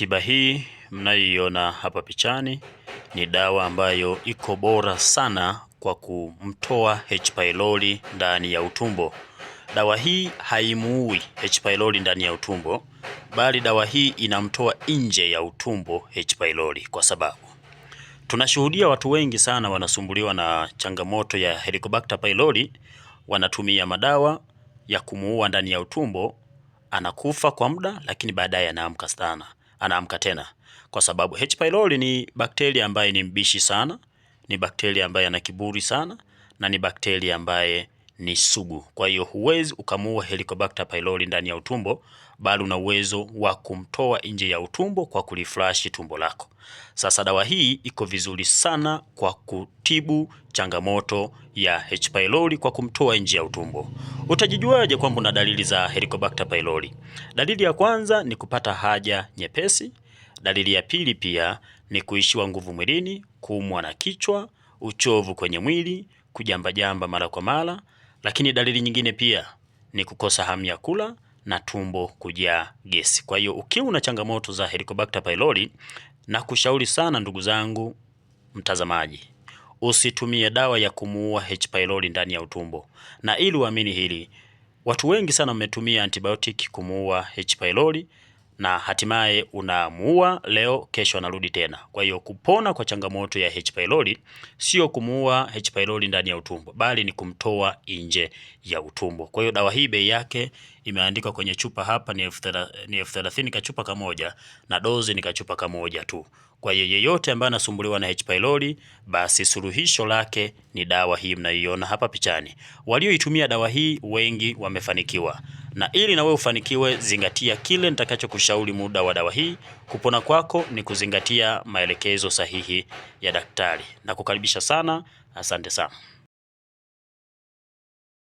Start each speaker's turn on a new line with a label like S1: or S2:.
S1: Tiba hii mnayoiona hapa pichani ni dawa ambayo iko bora sana kwa kumtoa H pylori ndani ya utumbo. Dawa hii haimuui H pylori ndani ya utumbo, bali dawa hii inamtoa nje ya utumbo H pylori, kwa sababu tunashuhudia watu wengi sana wanasumbuliwa na changamoto ya Helicobacter pylori, wanatumia madawa ya kumuua ndani ya utumbo, anakufa kwa muda, lakini baadaye anaamka sana anaamka tena, kwa sababu H. pylori ni bakteria ambaye ni mbishi sana, ni bakteria ambaye ana kiburi sana, na ni bakteria ambaye ni sugu. Kwa hiyo huwezi ukamuua Helicobacter pylori ndani ya utumbo, bali una uwezo wa kumtoa nje ya utumbo kwa kuliflash tumbo lako. Sasa dawa hii iko vizuri sana kwa kutibu changamoto ya H pylori kwa kumtoa nje ya utumbo. Utajijuaje kwamba una dalili za Helicobacter pylori? Dalili ya kwanza ni kupata haja nyepesi. Dalili ya pili pia ni kuishiwa nguvu mwilini, kuumwa na kichwa, uchovu kwenye mwili, kujambajamba mara kwa mara lakini dalili nyingine pia ni kukosa hamu ya kula na tumbo kujaa gesi. Kwa hiyo ukiwa una changamoto za Helicobacter pylori, na kushauri sana ndugu zangu mtazamaji, usitumie dawa ya kumuua H pylori ndani ya utumbo, na ili uamini hili, watu wengi sana wametumia antibiotic kumuua H pylori na hatimaye unamuua leo, kesho anarudi tena. Kwa hiyo kupona kwa changamoto ya H. pylori sio kumuua H. pylori ndani ya utumbo, bali ni kumtoa nje ya utumbo. Kwa hiyo dawa hii bei yake imeandikwa kwenye chupa hapa ni elfu thelathini kachupa kamoja na dozi ni kachupa kamoja tu. Kwa hiyo yeyote ambaye anasumbuliwa na H. pylori, basi suluhisho lake ni dawa hii mnaiona hapa pichani. Walioitumia dawa hii wengi wamefanikiwa na ili nawe ufanikiwe, zingatia kile nitakachokushauri muda wa dawa hii. Kupona kwako ni kuzingatia maelekezo sahihi ya daktari. Nakukaribisha sana, asante sana.